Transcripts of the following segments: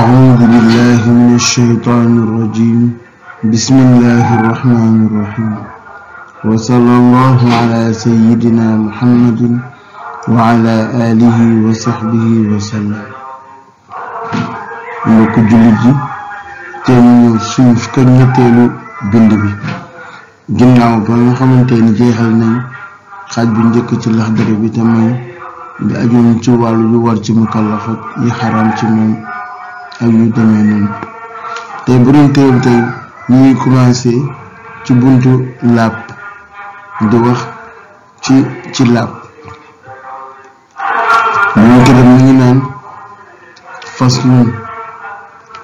أعوذ بالله من الشيطان الرجيم بسم الله الرحمن الرحيم وصلى الله على سيدنا محمد وعلى آله وصحبه وسلم mbokk jullit yi te ñu suñu fukkar ñetteelu bind bi ginnaaw ba nga xamante ni jeexal nañ xaaj bu njëkk ci laxdari bi te mooy bi ajoon ci wàllu yu war ci mukallaf ak yi xaraam ci moom ak yu demee noonu tey bu doon téere tey ñu ngi commencé ci buntu làpp di wax ci ci làpp moom itam ñu ngi naan fas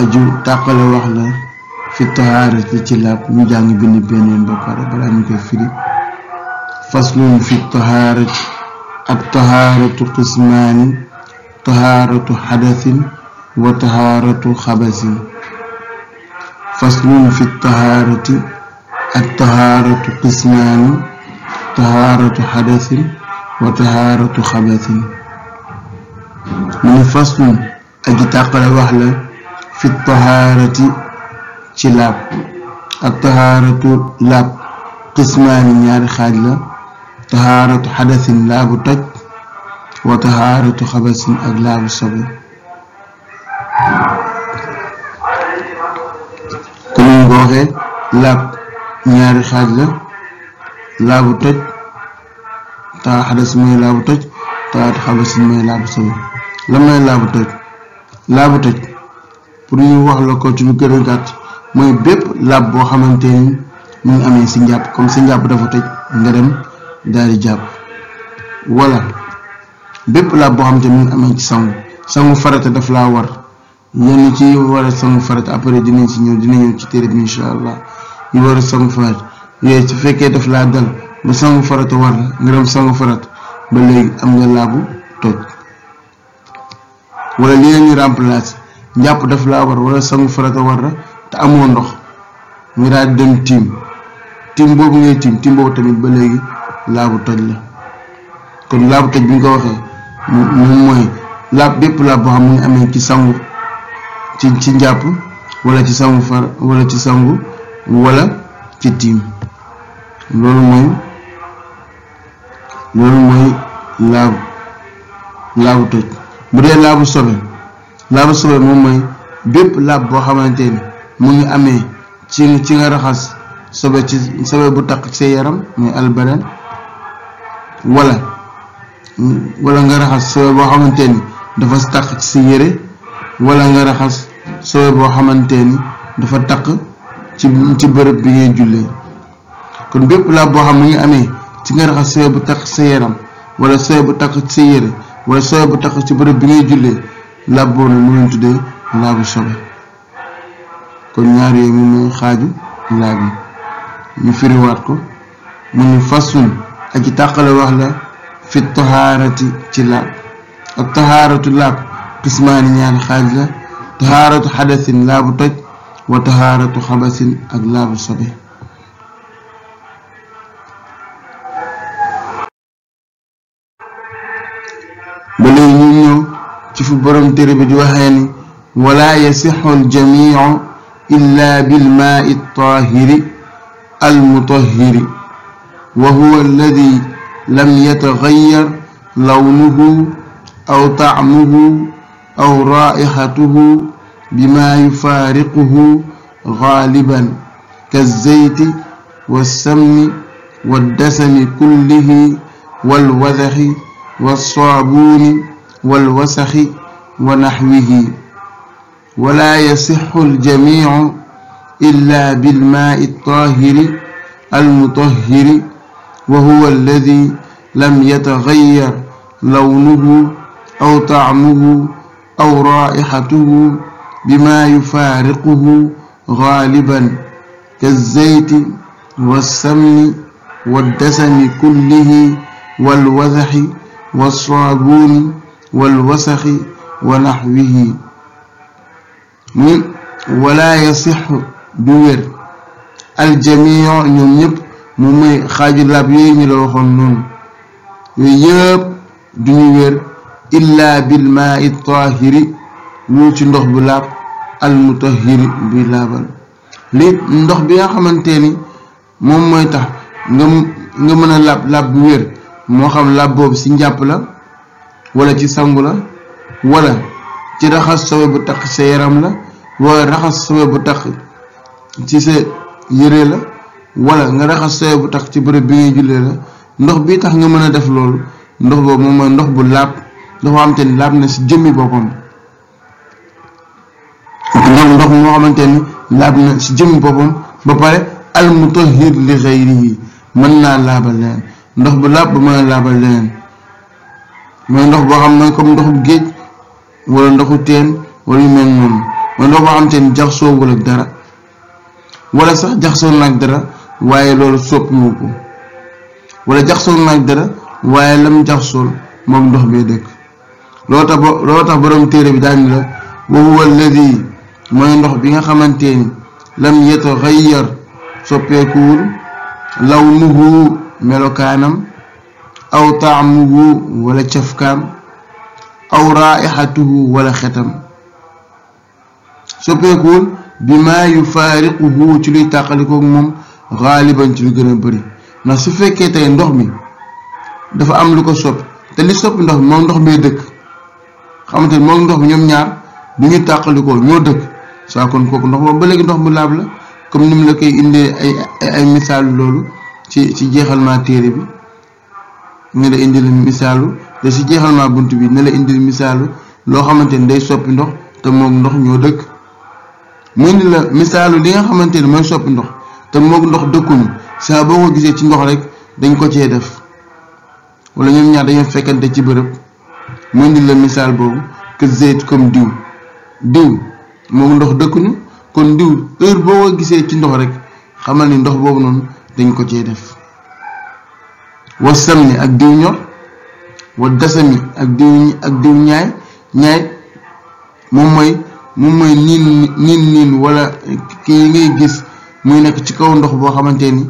aju tàqale wax la fi taxaarati ci làpp ñu jàng bind beneen ba pare balaa ñu koy firi fas lun fi taxaarati ak taxaaratu xismaani taxaaratu xadasin wa taxaaratu xabasin faslun fi taxaarati ak taxaaratu qismaani taxaaratu xadasin wa taxaaratu xabasin mu ne faslun aji tàqale wax la fi taxaarati ci laab ak taxaaratu laab qismaani ñaari xaaj la taxaaratu xadasin laabu toj wa taxaaratu xabasin ak laabu sobe laab ñaari xaaj la laabu toj taa xadas mooy laabu toj taat xabasin mooy laabu sobe la mooy laabu toj laabu toj pour ñu wax la ko ci lu gën a mooy bépp laab boo xamante ni mu ngi amee si njàpp comme si njàpp dafa toj nga dem daal di jàpp wala bépp laab boo xamante ni mu ngi amee ci sangu sangu farata daf laa war yenn ci war a sangu farata après dinañ si ñëw dina ñëw ci téere bi incha allah yi waru sangu farata yooyu su fekkee daf laa dal ba sangu farata war la nga sangu farata ba léegi am nga laabu toj wala li leen ñu remplacer njàpp daf laa war wala sangu farata war la te amoo ndox nga daal dem tiim tiim boobu ngay tiim tiim boobu tamit ba léegi laabu toj la kon laabu toj bi ñu ko waxee moom mooy laab bépp laab boo xam ne mu ngi amee ci sangu ci ci njàpp walla ci sangu far wala ci sangu wala ci tiim loolu mooy loolu mooy laabu laabu toj bu dee laabu sobe laabu sobe moom mooy bépp laab boo xamante ni mu ngi amee ci nga raxas sobe ci bu takk ci sa yaram muy albadan wala wala nga raxas sobe boo xamante ni dafa takk ci sa yére wala nga raxas sobe boo xamante ni dafa takk ci ci bërëb bi ngay jullee kon bépp laab boo xam ne ngi amee ci nga raxas sobe bu takk sa yaram wala sobe bu takk sa yére wala sobe bu takk ci bërëb bi ngay jullee laab boobu nag mu leen tuddee laabu sobe kon ñaar yooyu moom mooy xaaju laab yi ñu firiwaat ko mu ñu fasun ak ci tàqale wax la fi taxaarati ci laab ak taxaaratu laab qismaani ñaari xaaj la taxaaratu xadasin laabu toj wa taxaaratu xabasin ak laabu sobe ba léegi ñu ñëw ci fu borom téere bi di waxee ni wala yasixu aljamiu illa bilmaai altaahiri almutahiri wa huwa alladi lam yataxayar lawnuhu aw tacmuhu aw raixatuhu بما يفارقه غالبا كالزيت والسمن والدسم كله والوذخ والصابون والوسخ ونحوه ولا يصح الجميع إلا بالماء الطاهر المطهر وهو الذي لم يتغير لونه أو طعمه أو رائحته بما يفارقه غالبا كالزيت والسمن والدسم كله والوضح والصابون والوسخ ونحوه ولا يصح دوير الجميع ñoom ñëpp mu may xaaju laab yooyu ñu la waxoon noonu yooyu yëpp duñu wér illa bil maa'i taahiri ñu ci ndox bu laab al mutahhiri bi laabal lii ndox bi nga xamante ni moom mooy tax nga mën a laab laab bu wér moo xam laab boobu ci njàpp la wala ci sangu la wala ci raxas sobe bu taq sa yaram la wala raxas sobe bu taq ci sa yére la wala nga raxas sobe bu taq ci bërëb bi ngay jullee la ndox bi tax nga mën a def loolu ndox boobu moom mooy ndox bu làpp ndox boo xamante ni laab na ci jëmmi boppam ndox moo xamante ni laab na si jëmm boppam ba pare al mutahhir li ghayrihi mën naa laabal leneen ndox bu laab ba mën a laabal leneen mooy ndox boo xam ne comme ndoxu géej wala ndoxu teen wala yu mel noonu mooy ndox boo xamante ni jaxasoowul ak dara wala sax jaxasoo na ak dara waaye loolu sopp moo ko wala jaxasoo na ak dara waaye lam jaxasool moom ndox bee dëkk loo tax ba borom téere bi daan la wa huwa alladi mooy ndox bi nga xamante ni lam yataxayyar soppeekuwul lawnuhu melokaanam aw taamuhu wala cafkaam aw raa'ixatuhu walla xetam soppeekuwul bi maa yufaariquhu ci luy tàqalikoog moom xaaliban ci lu gën a bëri ndax su fekkee tey ndox mi dafa am lu ko soppi te li soppi ndox mi moom ndox mee dëkk xamante ni moom ndox mi ñoom ñaar du ñu tàqalikoo ñoo dëkk saa kon kooku ndox moom ba léegi ndox mu laab la comme ni mu la koy indee ay ay misaal loolu ci ci jeexal maa téere bi ne la indil misaalu te si jeexal maa bunt bi ne la indil misaalu loo xamante ni day soppi ndox te moog ndox ñoo dëkk mu indi la misaalu li nga xamante ni mooy soppi ndox te mook ndox dëkkuñu saa boo ko gisee ci ndox rek dañ ko cee def wala ñoom ñaar dañoo fekkante ci bërëb mu indi la misaal boobu kër zeyt comme diw diw moom ndox dëkkuñu kon diw heure boo ko gisee ci ndox rek xamal ni ndox boobu noonu dañ ko cee def wa samni ak diw ñor wa dasami ak diw ak diw ñaay ñaay moom mooy moom mooy niin niin niin wala kii ngay gis muy nekk ci kaw ndox boo xamante ni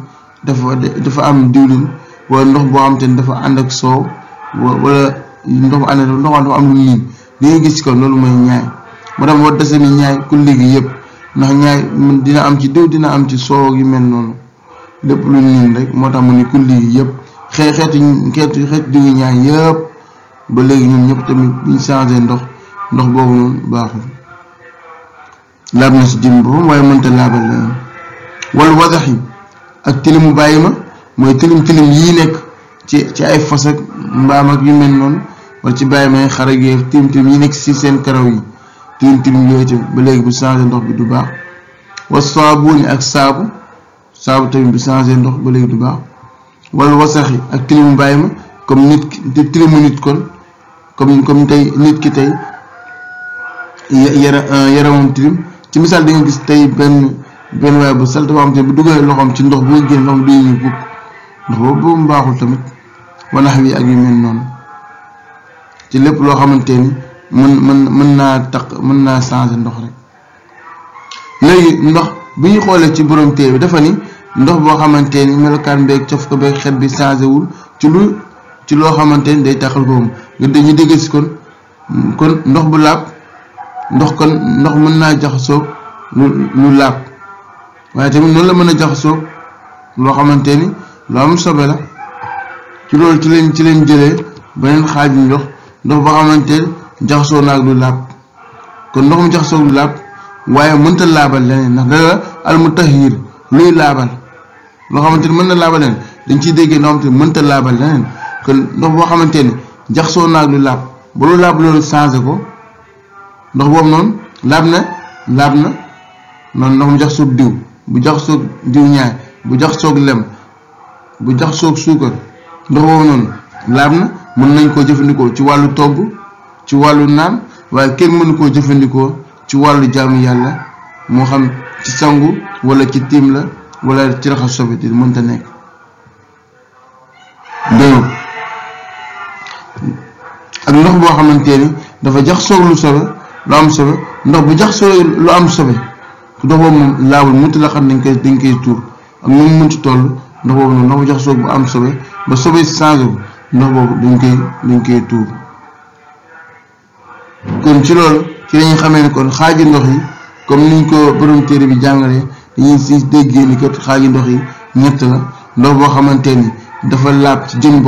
dafa dafa am diwlin wala ndox boo xamante ni dafa ànd ak soow wala ndox ànd ndox dafa am lu niin li ngay gis ci kaw loolu mooy ñaay mu dem wa desani ñaay kulli gi yëpp ndax ñaay dina am ci diw dina am ci soow yi mel noonu lépp lu niin rek moo tax mu ni kulli gi yëpp xee xeetu xeetu xeetu diwu ñaay yëpp ba léegi ñun ñëpp tamit buñ changé ndox ndox boobu noonu baaxul laab na si jëm boppam waaye mënta laabal leneen wala wadax yi ak tilimu bàyyi ma mooy tilim tilim yi nekk ci ci ay fas ak mbaam ak yu mel noonu wala ci bàyyi ma xar ak yooyu tilim tilim yi nekk ci seen karaw yi tintim yooyu ci ba léegi bu changé ndox bi du baax saabu saabuuni ak saabu saabu tamit bu changé ndox ba léegi du baax wala wasaxi ak tilimu bàyyi ma comme nit ki tilimu nit kon comme comme tey nit ki tey yara euh, tilim ci misaal da nga gis tey benn benn waaye bu sal dafa am te bu dugalee loxoom ci ndox bu génn ndox bi duy ñu bukk ndox boobu mbaaxul tamit wanax wi ak yu mel noonu ci lépp loo xamante ni mën mën mën naa taq mën naa changer ndox rek léegi ndox bi ñu xoolee ci borom téere bi dafa ni ndox boo xamante ni melokaan beeg cof ko beeg xet bi changé wul ci lu ci loo xamante ni day taxal ko moom nga si kon kon ndox bu laab ndox kon ndox mën naa jaxasoo lu lu laab waaye tamit noonu la mën a jaxasoo loo xamante ni lu am sobe la ci loolu ci leen ci leen jëlee beneen xaaju ndox boo xamante jaxasoo naag lu laab kon ndox mu jaxasoo lu laab waaye mënta laabal leneen ndax dara almutahir luy laabal loo xamante ni mën na laabal leneen dañ ciy déggee loo xamante mënta laabal leneen kon ndox boo xamante ni jaxasoo naag lu laab ba lu laab loolu changé ko ndox boobu noonu laab na laab na noonu ndox mu jaxasoo diw bu jaxasoo diw ñaar bu jaxasoo lem bu jaxasoo suukar ndox boobu noonu laab na mën nañ koo jëfandikoo ci wàllu togg. ci wàllu naan waaye kenn mënu koo jëfandikoo ci wàllu jaamu yàlla moo xam ci sangu wala ci tiim la wala ci raxas sobiti mënta nekk dayoo ak ndox boo xamante ni dafa jax soog lu sobe lu am sobe ndox bu jax soog lu am sobe ndox boobu moom laabul ti la xam dañ koy dañ koy tuur ak moom mënti toll ndox boobu noonu ndox bu jax soog bu am sobe ba sobe changé ndox boobu dañ koy dañ koy tuur kon ci loolu ci lañu xamee ne kon xaaji ndox yi comme niñ ko borom téere bi jàngalee dañuy si déggee ni kat xaaji ndox yi ñett la ndox boo xamante ni dafa laab ci jën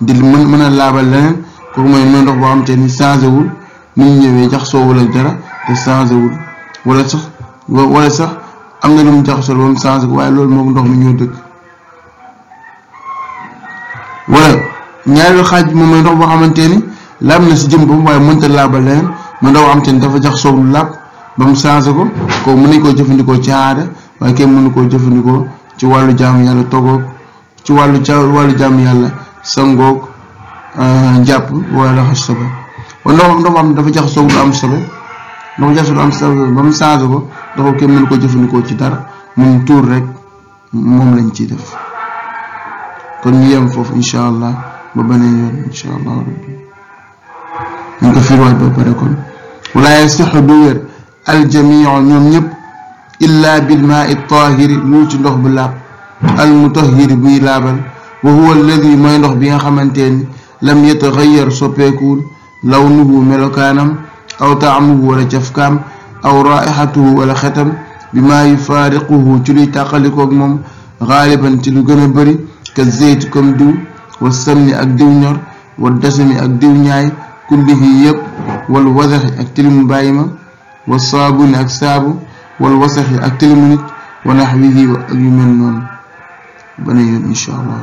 di mën mën a laabal leneen kooku mooy mooy ndox boo xamante ni changé wul ni ñu ñëwee jaxasoo wala dara te changé wul wala sax wala sax am na lu mu jaxasoo ba mu changé waaye loolu moom ndox mi ñoo dëkk wala ñaareelu xaaj bi moom mooy ndox boo xamante ni. laab na si jëm ba mu waaye mënta laabal leneen ma ndaw am te ne dafa jax soog lu laab ba mu changé ko ko mën nañ koo jëfandikoo ci aada waaye kenn mënu koo jëfandikoo ci wàllu jaamu yàlla togoog ci wàllu ja wàllu jaamu yàlla sangoog euh, jàpp wala raxas sa bopp kon dafa jax soog am solo ndox jax am solo ba mu changé ko ndox kenn mënu koo jëfandikoo ci dara mun tuur rek moom lañ ci def kon ñu yem foofu incha allah ba beneen yoon incha allah rabbi ñu ngi ko firiwaat ba pare kon walaa yasixu du wér aljamiu ñoom ñëpp illa bilmaa i taahiri lu ci ndox bu laab almutahiri buy laabal wa huwa alladi mooy ndox bi nga xamante ni lam yataxayar soppeekuwul lawnuhu melokaanam aw taamuhu wala cafkaam aw raixatuhu wala xetam bi maa yufaariquhu ci luy tàqalikoog moom xaaliban ci lu gën a bëri ka zeyt comme diw wa samni ak diw ñor wa dasami ak diw ñaay kullihi yëpp wal wasaxi ak tilimu bàyyi ma wa saabuni ak saabu wal wasaxi ak tilimu nit wa naxwihi ak yu mel noonu bana yoon incha allah